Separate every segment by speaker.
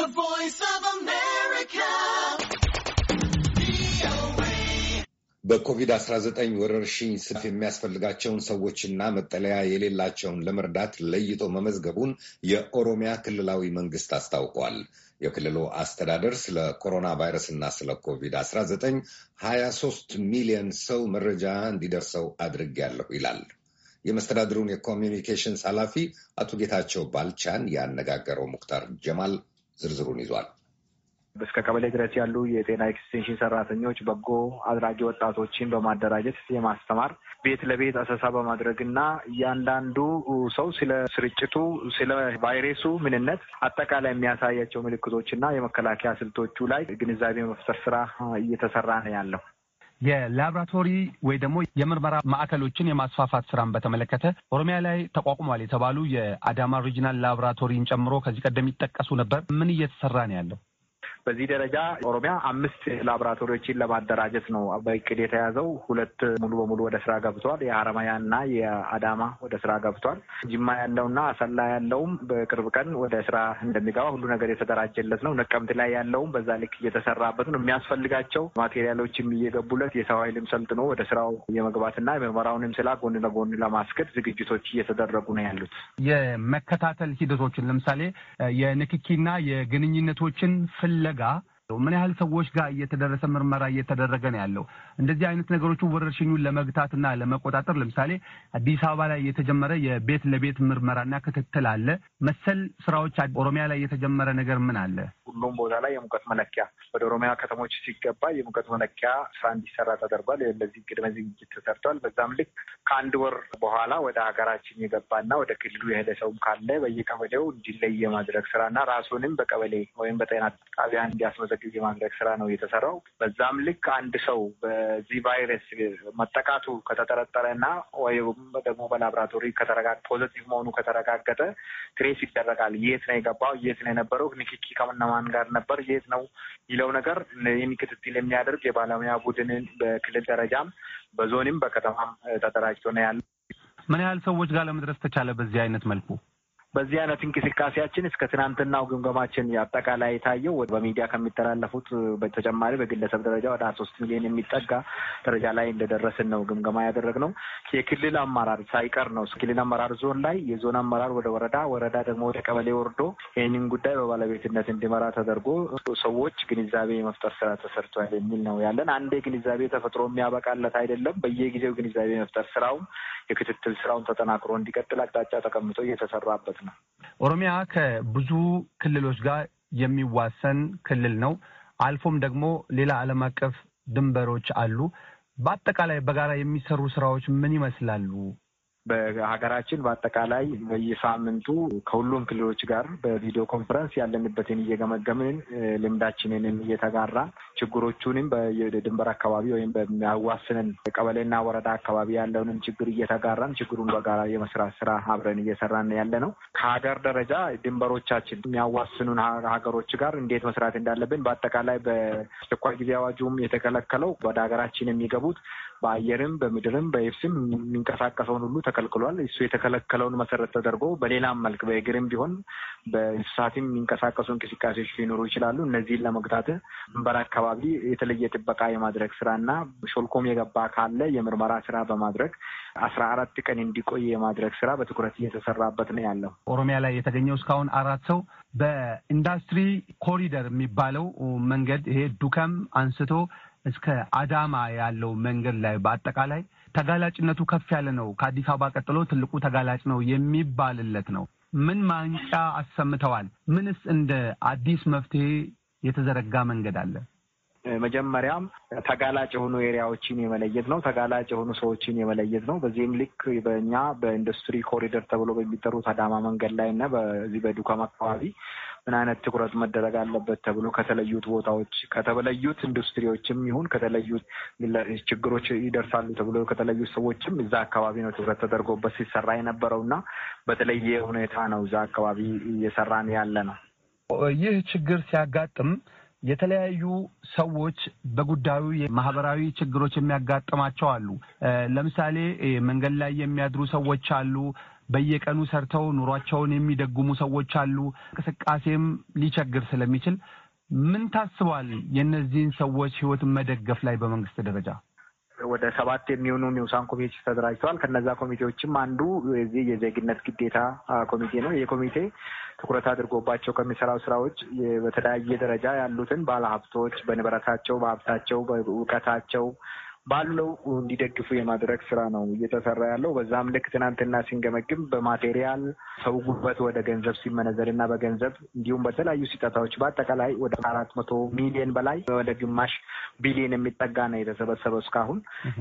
Speaker 1: The Voice of America.
Speaker 2: በኮቪድ-19 ወረርሽኝ ስፍ የሚያስፈልጋቸውን ሰዎችና መጠለያ የሌላቸውን ለመርዳት ለይቶ መመዝገቡን የኦሮሚያ ክልላዊ መንግስት አስታውቋል። የክልሉ አስተዳደር ስለ ኮሮና ቫይረስና ስለ ኮቪድ-19 23 ሚሊዮን ሰው መረጃ እንዲደርሰው አድርጌያለሁ ይላል። የመስተዳድሩን የኮሚኒኬሽንስ ኃላፊ አቶ ጌታቸው ባልቻን ያነጋገረው ሙክታር ጀማል ዝርዝሩን ይዟል። እስከ ቀበሌ ድረስ ያሉ የጤና ኤክስቴንሽን ሰራተኞች በጎ አድራጊ ወጣቶችን በማደራጀት የማስተማር ቤት ለቤት አሰሳ በማድረግ እና እያንዳንዱ ሰው ስለ ስርጭቱ፣ ስለ ቫይረሱ ምንነት አጠቃላይ የሚያሳያቸው ምልክቶች እና የመከላከያ ስልቶቹ ላይ ግንዛቤ መፍጠር ስራ እየተሰራ ነው ያለው።
Speaker 1: የላብራቶሪ ወይ ደግሞ የምርመራ ማዕከሎችን የማስፋፋት ስራን በተመለከተ ኦሮሚያ ላይ ተቋቁሟል የተባሉ የአዳማ ሪጂናል ላብራቶሪን ጨምሮ ከዚህ ቀደም ይጠቀሱ ነበር። ምን እየተሰራ ነው ያለው?
Speaker 2: በዚህ ደረጃ ኦሮሚያ አምስት ላቦራቶሪዎችን ለማደራጀት ነው በእቅድ የተያዘው። ሁለት ሙሉ በሙሉ ወደ ስራ ገብቷል። የሀረማያ እና የአዳማ ወደ ስራ ገብቷል። ጅማ ያለውና አሰላ ያለውም በቅርብ ቀን ወደ ስራ እንደሚገባ ሁሉ ነገር የተደራጀለት ነው። ነቀምት ላይ ያለውም በዛ ልክ እየተሰራበት ነው። የሚያስፈልጋቸው ማቴሪያሎችም እየገቡለት የሰው ኃይልም ሰልጥኖ ወደ ስራው የመግባትና የምርመራውንም ስላ ጎን ለጎን ለማስገድ ዝግጅቶች እየተደረጉ ነው ያሉት።
Speaker 1: የመከታተል ሂደቶችን ለምሳሌ የንክኪና የግንኙነቶችን ፍለ Praga ምን ያህል ሰዎች ጋር እየተደረሰ ምርመራ እየተደረገ ነው ያለው? እንደዚህ አይነት ነገሮቹ ወረርሽኙን ለመግታትና ለመቆጣጠር ለምሳሌ አዲስ አበባ ላይ የተጀመረ የቤት ለቤት ምርመራና ክትትል አለ። መሰል ስራዎች ኦሮሚያ ላይ የተጀመረ ነገር ምን አለ?
Speaker 2: ሁሉም ቦታ ላይ የሙቀት መለኪያ ወደ ኦሮሚያ ከተሞች ሲገባ የሙቀት መለኪያ ስራ እንዲሰራ ተደርጓል። ለዚህ ቅድመ ዝግጅት ተሰርቷል። በዛም ልክ ከአንድ ወር በኋላ ወደ ሀገራችን የገባና ወደ ክልሉ የሄደ ሰውም ካለ በየቀበሌው እንዲለይ የማድረግ ስራና ራሱንም በቀበሌ ወይም በጤና ጣቢያ እንዲያስመዘ ጊዜ ማድረግ ስራ ነው የተሰራው። በዛም ልክ አንድ ሰው በዚህ ቫይረስ መጠቃቱ ከተጠረጠረ እና ወይም ደግሞ በላብራቶሪ ፖዘቲቭ መሆኑ ከተረጋገጠ ትሬስ ይደረጋል። የት ነው የገባው፣ የት ነው የነበረው፣ ንክኪ ከእነማን ጋር ነበር፣ የት ነው ይለው ነገር ይህን ክትትል የሚያደርግ የባለሙያ ቡድንን በክልል ደረጃም በዞንም በከተማም ተደራጅቶ ነው ያለ።
Speaker 1: ምን ያህል ሰዎች ጋር ለመድረስ ተቻለ በዚህ አይነት መልኩ?
Speaker 2: በዚህ አይነት እንቅስቃሴያችን እስከ ትናንትናው ግምገማችን አጠቃላይ የታየው በሚዲያ ከሚተላለፉት በተጨማሪ በግለሰብ ደረጃ ወደ ሀያ ሶስት ሚሊዮን የሚጠጋ ደረጃ ላይ እንደደረስን ነው ግምገማ ያደረግነው። የክልል አመራር ሳይቀር ነው ክልል አመራር ዞን ላይ፣ የዞን አመራር ወደ ወረዳ፣ ወረዳ ደግሞ ወደ ቀበሌ ወርዶ ይህንን ጉዳይ በባለቤትነት እንዲመራ ተደርጎ ሰዎች ግንዛቤ የመፍጠር ስራ ተሰርቷል የሚል ነው ያለን። አንዴ ግንዛቤ ተፈጥሮ የሚያበቃለት አይደለም። በየጊዜው ግንዛቤ መፍጠር ስራውም የክትትል ስራውን ተጠናክሮ እንዲቀጥል አቅጣጫ ተቀምጦ እየተሰራበት ነው።
Speaker 1: ኦሮሚያ ከብዙ ክልሎች ጋር የሚዋሰን ክልል ነው። አልፎም ደግሞ ሌላ ዓለም አቀፍ ድንበሮች አሉ። በአጠቃላይ በጋራ የሚሰሩ ስራዎች ምን ይመስላሉ?
Speaker 2: በሀገራችን በአጠቃላይ በየሳምንቱ ከሁሉም ክልሎች ጋር በቪዲዮ ኮንፈረንስ ያለንበትን እየገመገምን ልምዳችንንም እየተጋራ ችግሮቹንም በድንበር አካባቢ ወይም በሚያዋስንን ቀበሌና ወረዳ አካባቢ ያለውንም ችግር እየተጋራን ችግሩን በጋራ የመስራት ስራ አብረን እየሰራን ያለ ነው። ከሀገር ደረጃ ድንበሮቻችን የሚያዋስኑን ሀገሮች ጋር እንዴት መስራት እንዳለብን በአጠቃላይ በአስቸኳይ ጊዜ አዋጁም የተከለከለው ወደ ሀገራችን የሚገቡት በአየርም በምድርም በየብስም የሚንቀሳቀሰውን ሁሉ ተከልክሏል። እሱ የተከለከለውን መሰረት ተደርጎ በሌላም መልክ በእግርም ቢሆን በእንስሳትም የሚንቀሳቀሱ እንቅስቃሴዎች ሊኖሩ ይችላሉ። እነዚህን ለመግታት ድንበር አካባቢ የተለየ ጥበቃ የማድረግ ስራ እና ሾልኮም የገባ ካለ የምርመራ ስራ በማድረግ አስራ አራት ቀን እንዲቆይ የማድረግ ስራ በትኩረት እየተሰራበት ነው ያለው።
Speaker 1: ኦሮሚያ ላይ የተገኘው እስካሁን አራት ሰው በኢንዱስትሪ ኮሪደር የሚባለው መንገድ ይሄ ዱከም አንስቶ እስከ አዳማ ያለው መንገድ ላይ በአጠቃላይ ተጋላጭነቱ ከፍ ያለ ነው። ከአዲስ አበባ ቀጥሎ ትልቁ ተጋላጭ ነው የሚባልለት ነው። ምን ማንጫ አሰምተዋል? ምንስ እንደ አዲስ መፍትሄ የተዘረጋ መንገድ አለ? መጀመሪያም ተጋላጭ የሆኑ
Speaker 2: ኤሪያዎችን የመለየት ነው። ተጋላጭ የሆኑ ሰዎችን የመለየት ነው። በዚህም ልክ በእኛ በኢንዱስትሪ ኮሪደር ተብሎ በሚጠሩት አዳማ መንገድ ላይ እና በዚህ በዱከም አካባቢ ምን አይነት ትኩረት መደረግ አለበት ተብሎ ከተለዩት ቦታዎች ከተለዩት ኢንዱስትሪዎችም ይሁን ከተለዩት ችግሮች ይደርሳሉ ተብሎ ከተለዩት ሰዎችም እዛ አካባቢ ነው ትኩረት ተደርጎበት ሲሰራ የነበረው እና በተለየ ሁኔታ ነው እዛ አካባቢ እየሰራን ያለ ነው።
Speaker 1: ይህ ችግር ሲያጋጥም የተለያዩ ሰዎች በጉዳዩ የማህበራዊ ችግሮች የሚያጋጥማቸው አሉ። ለምሳሌ መንገድ ላይ የሚያድሩ ሰዎች አሉ። በየቀኑ ሰርተው ኑሯቸውን የሚደጉሙ ሰዎች አሉ። እንቅስቃሴም ሊቸግር ስለሚችል ምን ታስቧል? የእነዚህን ሰዎች ህይወት መደገፍ ላይ በመንግስት ደረጃ
Speaker 2: ወደ ሰባት የሚሆኑ ኒውሳን ኮሚቴዎች ተደራጅተዋል። ከነዛ ኮሚቴዎችም አንዱ የዚህ የዜግነት ግዴታ ኮሚቴ ነው። ይህ ኮሚቴ ትኩረት አድርጎባቸው ከሚሰራው ስራዎች በተለያየ ደረጃ ያሉትን ባለሀብቶች በንብረታቸው፣ በሀብታቸው፣ በእውቀታቸው ባለው እንዲደግፉ የማድረግ ስራ ነው እየተሰራ ያለው። በዛም ልክ ትናንትና ሲንገመግም በማቴሪያል ሰው ጉልበት ወደ ገንዘብ ሲመነዘር እና በገንዘብ እንዲሁም በተለያዩ ሲጠታዎች በአጠቃላይ ወደ አራት መቶ ሚሊዮን በላይ ወደ ግማሽ ቢሊየን የሚጠጋ ነው የተሰበሰበው እስካሁን።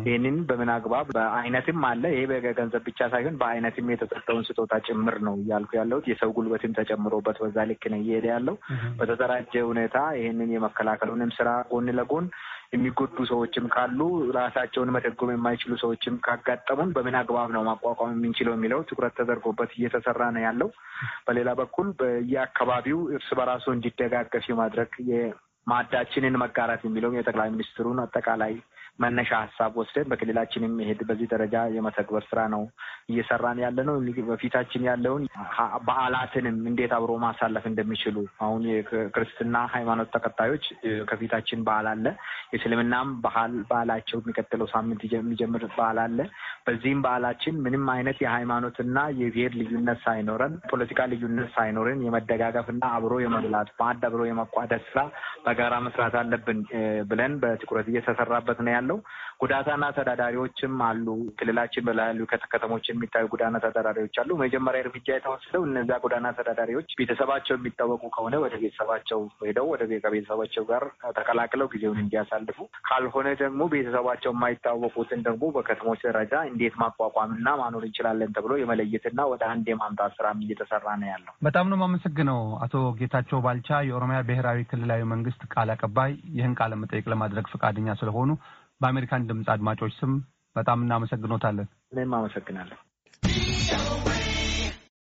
Speaker 2: ይህንን በምን አግባብ በአይነትም አለ ይሄ በገንዘብ ብቻ ሳይሆን በአይነትም የተሰጠውን ስጦታ ጭምር ነው እያልኩ ያለሁት። የሰው ጉልበትም ተጨምሮበት በዛ ልክ ነው እየሄደ ያለው። በተደራጀ ሁኔታ ይህንን የመከላከሉንም ስራ ጎን ለጎን የሚጎዱ ሰዎችም ካሉ ራሳቸውን መደጎም የማይችሉ ሰዎችም ካጋጠሙን በምን አግባብ ነው ማቋቋም የምንችለው የሚለው ትኩረት ተደርጎበት እየተሰራ ነው ያለው። በሌላ በኩል በየአካባቢው እርስ በራሱ እንዲደጋገፍ ማድረግ ማዕዳችንን መጋራት የሚለው የጠቅላይ ሚኒስትሩን አጠቃላይ መነሻ ሀሳብ ወስደን በክልላችን የሚሄድ በዚህ ደረጃ የመተግበር ስራ ነው እየሰራን ያለ ነው። በፊታችን ያለውን በዓላትንም እንዴት አብሮ ማሳለፍ እንደሚችሉ አሁን የክርስትና ሃይማኖት ተከታዮች ከፊታችን በዓል አለ። የእስልምናም ባህል በዓላቸው የሚቀጥለው ሳምንት የሚጀምር በዓል አለ። በዚህም በዓላችን ምንም አይነት የሃይማኖትና የብሔር ልዩነት ሳይኖረን ፖለቲካ ልዩነት ሳይኖረን የመደጋገፍና አብሮ የመብላት ማዕድ አብሮ የመቋደስ ስራ በጋራ መስራት አለብን ብለን በትኩረት እየተሰራበት ነው ያለው። ጉዳታና ተዳዳሪዎችም አሉ። ክልላችን በላሉ ከተከተሞች የሚታዩ ጉዳና ተዳዳሪዎች አሉ። መጀመሪያ እርምጃ የተወሰደው እነዛ ጎዳና ተዳዳሪዎች ቤተሰባቸው የሚታወቁ ከሆነ ወደ ቤተሰባቸው ሄደው ወደ ቤተሰባቸው ጋር ተቀላቅለው ጊዜውን እንዲያሳልፉ፣ ካልሆነ ደግሞ ቤተሰባቸው የማይታወቁትን ደግሞ በከተሞች ደረጃ እንዴት ማቋቋምና ማኖር እንችላለን ተብሎ የመለየትና ወደ አንድ የማምጣት ስራም እየተሰራ ነው ያለው።
Speaker 1: በጣም ነው የማመሰግነው አቶ ጌታቸው ባልቻ የኦሮሚያ ብሔራዊ ክልላዊ መንግስት ቃል አቀባይ ይህን ቃለ መጠይቅ ለማድረግ ፈቃደኛ ስለሆኑ በአሜሪካን ድምፅ አድማጮች ስም በጣም እናመሰግኖታለን።
Speaker 2: እኔም አመሰግናለሁ።